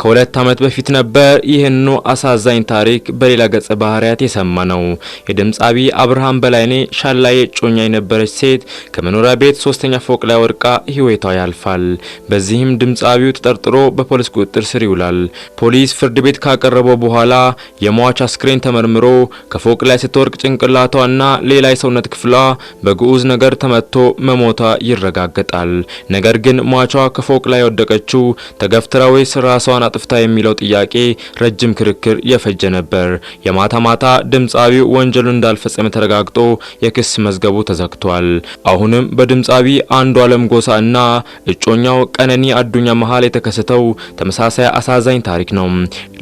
ከሁለት ዓመት በፊት ነበር ይህኑ አሳዛኝ ታሪክ በሌላ ገጸ ባህርያት የሰማ ነው። የድምፃዊ አብርሃም በላይኔ ሻላይ እጮኛ የነበረች ሴት ከመኖሪያ ቤት ሶስተኛ ፎቅ ላይ ወድቃ ህይወቷ ያልፋል። በዚህም ድምፃዊው ተጠርጥሮ በፖሊስ ቁጥጥር ስር ይውላል። ፖሊስ ፍርድ ቤት ካቀረበው በኋላ የሟች አስክሬን ተመርምሮ ከፎቅ ላይ ጭንቅላቷ ጭንቅላቷና ሌላ የሰውነት ክፍሏ በግዑዝ ነገር ተመትቶ መሞቷ ይረጋገጣል። ነገር ግን ሟቿ ከፎቅ ላይ ወደቀችው ተገፍትራ ወይስ ራሷን ልጇን አጥፍታ የሚለው ጥያቄ ረጅም ክርክር የፈጀ ነበር። የማታ ማታ ድምፃዊው ወንጀሉን እንዳልፈጸመ ተረጋግጦ የክስ መዝገቡ ተዘግቷል። አሁንም በድምፃዊ አንዱ አለም ጎሳ እና እጮኛው ቀነኒ አዱኛ መሀል የተከሰተው ተመሳሳይ አሳዛኝ ታሪክ ነው።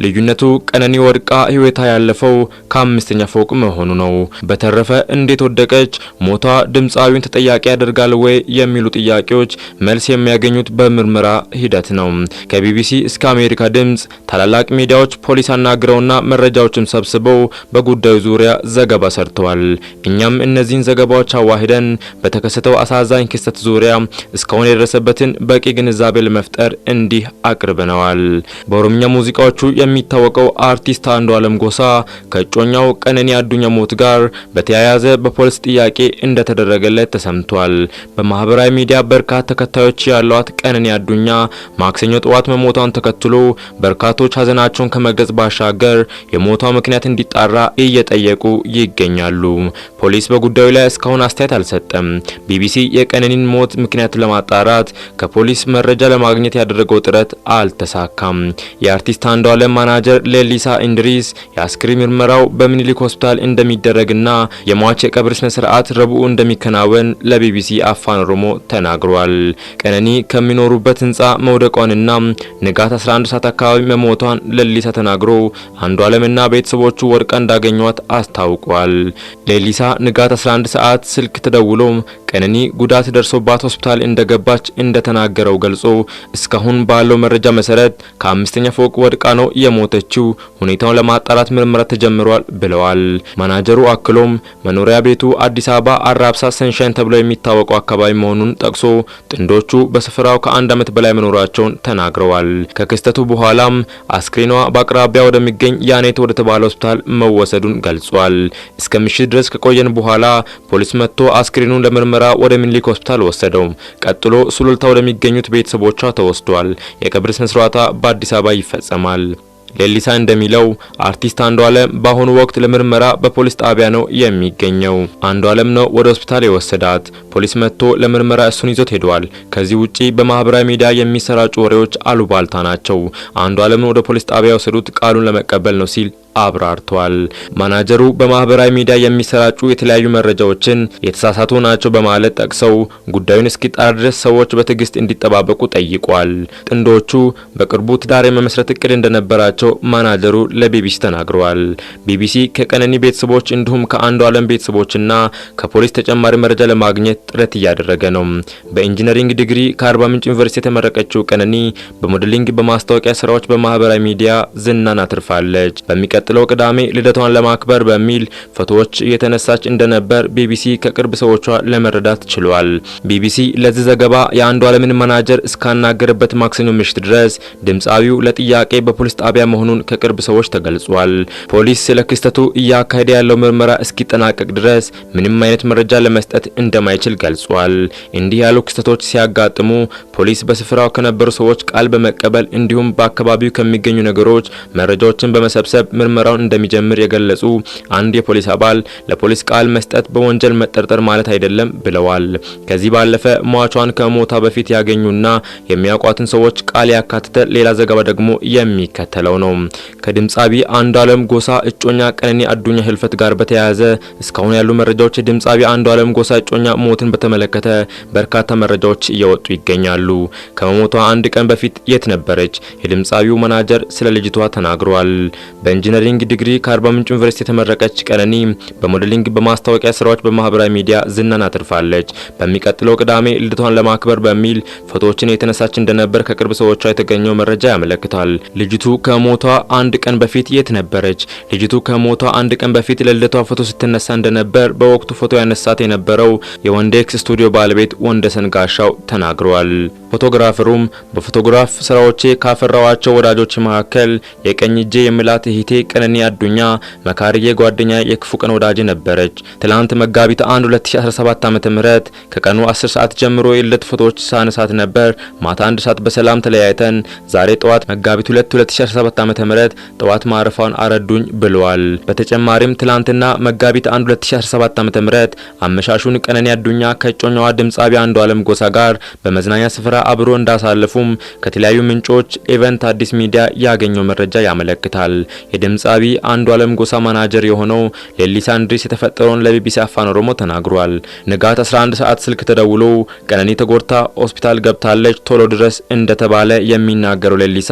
ልዩነቱ ቀነኒ ወድቃ ህይወታ ያለፈው ከአምስተኛ ፎቅ መሆኑ ነው። በተረፈ እንዴት ወደቀች፣ ሞቷ ድምፃዊውን ተጠያቂ ያደርጋል ወይ የሚሉ ጥያቄዎች መልስ የሚያገኙት በምርመራ ሂደት ነው። ከቢቢሲ እስከ አሜሪካ ለአሜሪካ ድምጽ ታላላቅ ሚዲያዎች ፖሊስ አናግረውና መረጃዎችን ሰብስበው በጉዳዩ ዙሪያ ዘገባ ሰርተዋል። እኛም እነዚህን ዘገባዎች አዋህደን በተከሰተው አሳዛኝ ክስተት ዙሪያ እስካሁን የደረሰበትን በቂ ግንዛቤ ለመፍጠር እንዲህ አቅርበነዋል። በኦሮምኛ ሙዚቃዎቹ የሚታወቀው አርቲስት አንዱ አለም ጎሳ ከእጮኛው ቀነኒ አዱኛ ሞት ጋር በተያያዘ በፖሊስ ጥያቄ እንደተደረገለት ተሰምቷል። በማህበራዊ ሚዲያ በርካታ ተከታዮች ያሏት ቀነኒ አዱኛ ማክሰኞ ጠዋት መሞቷን ተከትሎ ተከትሎ በርካቶች ሀዘናቸውን ከመግለጽ ባሻገር የሞቷ ምክንያት እንዲጣራ እየጠየቁ ይገኛሉ። ፖሊስ በጉዳዩ ላይ እስካሁን አስተያየት አልሰጠም። ቢቢሲ የቀነኒን ሞት ምክንያት ለማጣራት ከፖሊስ መረጃ ለማግኘት ያደረገው ጥረት አልተሳካም። የአርቲስት አንዷለም ማናጀር ሌሊሳ ኢንድሪስ የአስክሬን ምርመራው በሚኒሊክ ሆስፒታል እንደሚደረግና የሟች የቀብር ስነ ስርዓት ረቡዕ እንደሚከናወን ለቢቢሲ አፋን ኦሮሞ ተናግሯል። ቀነኒ ከሚኖሩበት ህንፃ መውደቋንና ንጋት 11 11 ሰዓት አካባቢ መሞቷን ለሊሳ ተናግሮ አንዱ አለምና ቤተሰቦቹ ወድቃ እንዳገኟት አስታውቋል። ለሊሳ ንጋት 11 ሰዓት ስልክ ተደውሎ ቀነኒ ጉዳት ደርሶባት ሆስፒታል እንደገባች እንደተናገረው ገልጾ እስካሁን ባለው መረጃ መሰረት ከአምስተኛ ፎቅ ወድቃ ነው የሞተችው። ሁኔታውን ለማጣራት ምርመራ ተጀምሯል ብለዋል። ማናጀሩ አክሎም መኖሪያ ቤቱ አዲስ አበባ አራብሳ ሰንሻይን ተብሎ የሚታወቀው አካባቢ መሆኑን ጠቅሶ ጥንዶቹ በስፍራው ከአንድ ዓመት በላይ መኖራቸውን ተናግረዋል። ከክስተ ከተከሰቱ በኋላም አስክሬኗ በአቅራቢያ ወደሚገኝ ያኔት ወደ ተባለ ሆስፒታል መወሰዱን ገልጿል። እስከ ምሽት ድረስ ከቆየን በኋላ ፖሊስ መጥቶ አስክሬኑን ለምርመራ ወደ ሚኒሊክ ሆስፒታል ወሰደው። ቀጥሎ ሱሉልታ ወደሚገኙት ቤተሰቦቿ ተወስዷል። የቀብር ስነ በአዲስ አበባ ይፈጸማል። ሌሊሳ እንደሚለው አርቲስት አንዱ አለም በአሁኑ ወቅት ለምርመራ በፖሊስ ጣቢያ ነው የሚገኘው። አንዱ አለም ነው ወደ ሆስፒታል የወሰዳት። ፖሊስ መጥቶ ለምርመራ እሱን ይዞት ሄዷል። ከዚህ ውጪ በማህበራዊ ሚዲያ የሚሰራጩ ወሬዎች አሉባልታ ናቸው። አንዱ ወደ ፖሊስ ጣቢያ የወሰዱት ቃሉን ለመቀበል ነው ሲል አብራርቷል። ማናጀሩ በማህበራዊ ሚዲያ የሚሰራጩ የተለያዩ መረጃዎችን የተሳሳቱ ናቸው በማለት ጠቅሰው ጉዳዩን እስኪጣራ ድረስ ሰዎች በትዕግስት እንዲጠባበቁ ጠይቋል። ጥንዶቹ በቅርቡ ትዳር የመመስረት እቅድ እንደነበራቸው ማናጀሩ ለቢቢሲ ተናግረዋል። ቢቢሲ ከቀነኒ ቤተሰቦች እንዲሁም ከአንዱ ዓለም ቤተሰቦችና ከፖሊስ ተጨማሪ መረጃ ለማግኘት ጥረት እያደረገ ነው። በኢንጂነሪንግ ዲግሪ ከአርባ ምንጭ ዩኒቨርሲቲ የተመረቀችው ቀነኒ በሞዴሊንግ፣ በማስታወቂያ ስራዎች በማህበራዊ ሚዲያ ዝናን አትርፋለች። የሚቀጥለው ቅዳሜ ልደቷን ለማክበር በሚል ፎቶዎች እየተነሳች እንደነበር ቢቢሲ ከቅርብ ሰዎቿ ለመረዳት ችሏል። ቢቢሲ ለዚህ ዘገባ የአንዷለምን መናጀር እስካናገርበት ማክሰኞ ምሽት ድረስ ድምፃዊው ለጥያቄ በፖሊስ ጣቢያ መሆኑን ከቅርብ ሰዎች ተገልጿል። ፖሊስ ስለ ክስተቱ እያካሄደ ያለው ምርመራ እስኪጠናቀቅ ድረስ ምንም አይነት መረጃ ለመስጠት እንደማይችል ገልጿል። እንዲህ ያሉ ክስተቶች ሲያጋጥሙ ፖሊስ በስፍራው ከነበሩ ሰዎች ቃል በመቀበል እንዲሁም በአካባቢው ከሚገኙ ነገሮች መረጃዎችን በመሰብሰብ ምርመራውን እንደሚጀምር የገለጹ አንድ የፖሊስ አባል ለፖሊስ ቃል መስጠት በወንጀል መጠርጠር ማለት አይደለም ብለዋል። ከዚህ ባለፈ ሟቿን ከሞታ በፊት ያገኙና የሚያውቋትን ሰዎች ቃል ያካተተ ሌላ ዘገባ ደግሞ የሚከተለው ነው። ከድምጻቢ አንዱዓለም ጎሳ እጮኛ ቀነኒ አዱኛ ህልፈት ጋር በተያያዘ እስካሁን ያሉ መረጃዎች አንዱ አንዱዓለም ጎሳ እጮኛ ሞትን በተመለከተ በርካታ መረጃዎች እየወጡ ይገኛሉ። ከመሞቷ አንድ ቀን በፊት የት ነበረች? የድምጻቢው መናጀር ስለ ልጅቷ ተናግሯል። በኢንጂነር በሞዴሊንግ ዲግሪ ከአርባ ምንጭ ዩኒቨርሲቲ የተመረቀች ቀነኒ በሞዴሊንግ በማስታወቂያ ስራዎች በማህበራዊ ሚዲያ ዝናን አትርፋለች። በሚቀጥለው ቅዳሜ ልደቷን ለማክበር በሚል ፎቶዎችን የተነሳች እንደነበር ከቅርብ ሰዎቿ የተገኘው መረጃ ያመለክታል። ልጅቱ ከሞቷ አንድ ቀን በፊት የት ነበረች? ልጅቱ ከሞቷ አንድ ቀን በፊት ለልደቷ ፎቶ ስትነሳ እንደነበር በወቅቱ ፎቶ ያነሳት የነበረው የወንዴክስ ስቱዲዮ ባለቤት ወንደሰን ጋሻው ተናግሯል። ፎቶግራፈሩም በፎቶግራፍ ስራዎቼ ካፈራዋቸው ወዳጆች መካከል የቀኝ እጄ የምላት እህቴ ቀነኒ አዱኛ መካርዬ ጓደኛ የክፉ ቀን ወዳጅ ነበረች። ትላንት መጋቢት 1 2017 ዓ.ም ከቀኑ 10 ሰዓት ጀምሮ የለት ፎቶዎች ሳነሳት ነበር። ማታ አንድ ሰዓት በሰላም ተለያይተን ዛሬ ጠዋት መጋቢት 2 2017 ዓ.ም ጠዋት ማረፏን አረዱኝ ብሏል። በተጨማሪም ትላንትና መጋቢት 1 2017 ዓ.ም አመሻሹን ቀነኒ አዱኛ ከጮኛዋ ድምፃቢ አንዱ ዓለም ጎሳ ጋር በመዝናኛ ስፍራ አብሮ እንዳሳለፉም ከተለያዩ ምንጮች ኢቨንት አዲስ ሚዲያ ያገኘው መረጃ ያመለክታል። የድምጽ ድምፃዊ አንዱ አለም ጎሳ ማናጀር የሆነው ሌሊሳ እንድሪስ የተፈጠረውን ለቢቢሲ አፋን ኦሮሞ ተናግሯል። ንጋት 11 ሰዓት ስልክ ተደውሎ ቀነኒ ተጎድታ ሆስፒታል ገብታለች ቶሎ ድረስ እንደተባለ የሚናገረው ሌሊሳ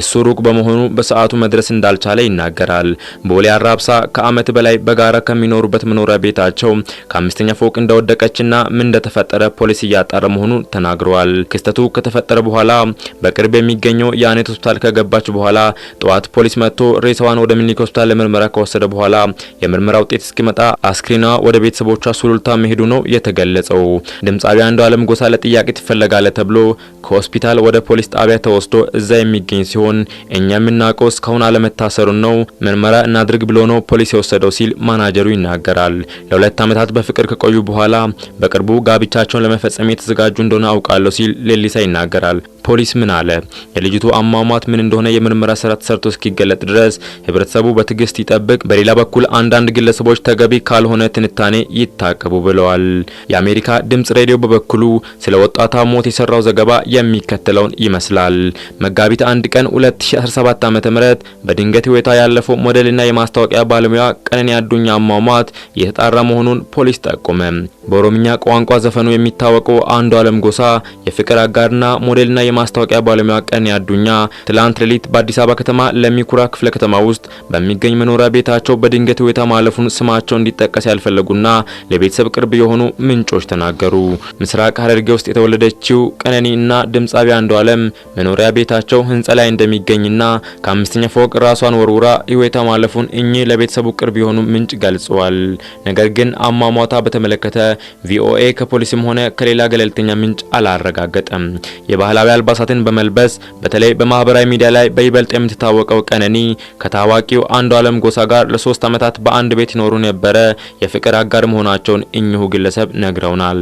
እሱ ሩቅ በመሆኑ በሰዓቱ መድረስ እንዳልቻለ ይናገራል። ቦሌ አራብሳ ከዓመት በላይ በጋራ ከሚኖሩበት መኖሪያ ቤታቸው ከአምስተኛ ፎቅ እንደወደቀችና ምን እንደተፈጠረ ፖሊስ እያጣረ መሆኑ ተናግረዋል። ክስተቱ ከተፈጠረ በኋላ በቅርብ የሚገኘው የአኔት ሆስፒታል ከገባች በኋላ ጠዋት ፖሊስ መጥቶ ሬሳዋን ወደ ወደ ሚኒክ ሆስፒታል ለምርመራ ከወሰደ በኋላ የምርመራ ውጤት እስኪመጣ አስክሬኗ ወደ ቤተሰቦቿ ሱሉልታ መሄዱ ነው የተገለጸው። አንዱ አለም ጎሳ ለጥያቄ ትፈለጋለ ተብሎ ከሆስፒታል ወደ ፖሊስ ጣቢያ ተወስዶ እዛ የሚገኝ ሲሆን እኛ የምናውቀው እስካሁን አለመታሰሩን ነው። ምርመራ እናድርግ ብሎ ነው ፖሊስ የወሰደው ሲል ማናጀሩ ይናገራል። ለሁለት ዓመታት በፍቅር ከቆዩ በኋላ በቅርቡ ጋብቻቸውን ለመፈጸም የተዘጋጁ እንደሆነ አውቃለሁ ሲል ሌሊሳ ይናገራል። ፖሊስ ምን አለ? የልጅቱ አሟሟት ምን እንደሆነ የምርመራ ስራ ተሰርቶ እስኪገለጥ ድረስ ህብረተሰቡ በትዕግስት ይጠብቅ፣ በሌላ በኩል አንዳንድ ግለሰቦች ተገቢ ካልሆነ ትንታኔ ይታቀቡ ብለዋል። የአሜሪካ ድምጽ ሬዲዮ በበኩሉ ስለ ወጣቷ ሞት የሰራው ዘገባ የሚከተለውን ይመስላል። መጋቢት አንድ ቀን 2017 ዓ.ም በድንገት ህይወቷ ያለፈው ሞዴልና የማስታወቂያ ባለሙያ ቀነኒ አዱኛ አሟሟት የተጣራ መሆኑን ፖሊስ ጠቆመ። በኦሮምኛ ቋንቋ ዘፈኑ የሚታወቀው አንዱ አለም ጎሳ የፍቅር አጋርና ሞዴልና የማስታወቂያ ባለሙያ ቀን ያዱኛ ትላንት ሌሊት በአዲስ አበባ ከተማ ለሚኩራ ክፍለ ከተማ ውስጥ በሚገኝ መኖሪያ ቤታቸው በድንገት ሕይወት ማለፉን ስማቸው እንዲጠቀስ ያልፈለጉና ለቤተሰብ ቅርብ የሆኑ ምንጮች ተናገሩ። ምስራቅ ሐረርጌ ውስጥ የተወለደችው ቀነኒ እና አንዱ አለም መኖሪያ ቤታቸው ህንጻ ላይ እንደሚገኝና ከአምስተኛ ፎቅ ራሷን ወርውራ ሕይወቷ ማለፉን እኚህ ለቤተሰቡ ቅርብ የሆኑ ምንጭ ገልጸዋል። ነገር ግን አሟሟታ በተመለከተ ቪኦኤ ከፖሊስም ሆነ ከሌላ ገለልተኛ ምንጭ አላረጋገጠም። የባህላዊ አልባሳትን በመልበስ በተለይ በማህበራዊ ሚዲያ ላይ በይበልጥ የምትታወቀው ቀነኒ ከታዋቂው አንዱ አለም ጎሳ ጋር ለሶስት ዓመታት በአንድ ቤት ይኖሩ ነበረ። የፍቅር አጋር መሆናቸውን እኚሁ ግለሰብ ነግረውናል።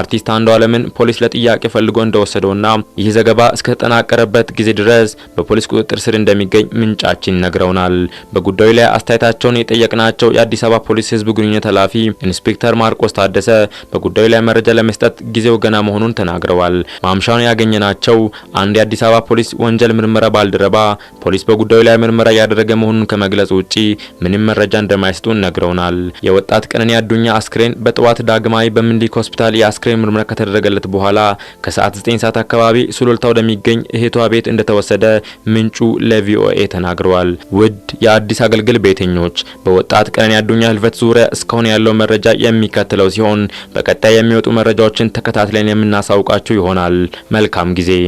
አርቲስት አንዱ አለምን ፖሊስ ለጥያቄ ፈልጎ እንደወሰደውና ይህ ዘገባ እስከተጠናቀረበት ጊዜ ድረስ በፖሊስ ቁጥጥር ስር እንደሚገኝ ምንጫችን ነግረውናል። በጉዳዩ ላይ አስተያየታቸውን የጠየቅናቸው የአዲስ አበባ ፖሊስ ህዝብ ግንኙነት ኃላፊ ኢንስፔክተር ማርቆስ ታደሰ በጉዳዩ ላይ መረጃ ለመስጠት ጊዜው ገና መሆኑን ተናግረዋል። ማምሻውን ያገኘናቸው አንድ የአዲስ አበባ ፖሊስ ወንጀል ምርመራ ባልደረባ ፖሊስ በጉዳዩ ላይ ምርመራ እያደረገ መሆኑን ከመግለጽ ውጪ ምንም መረጃ እንደማይሰጡን ነግረውናል። የወጣት ቀነኒ አዱኛ አስክሬን በጠዋት ዳግማዊ በምኒልክ ሆስፒታል የአስክሬን ምርመራ ከተደረገለት በኋላ ከሰዓት 9 ሰዓት አካባቢ ሱሉልታ ወደሚገኝ እህቷ ቤት እንደተወሰደ ምንጩ ለቪኦኤ ተናግረዋል። ውድ የአዲስ አገልግል ቤተኞች በወጣት ቀነኒ አዱኛ ህልፈት ዙሪያ እስካሁን ያለው መረጃ የሚከተለው ሲሆን በቀጣይ የሚወጡ መረጃዎችን ተከታትለን የምናሳውቃቸው ይሆናል። መልካም ጊዜ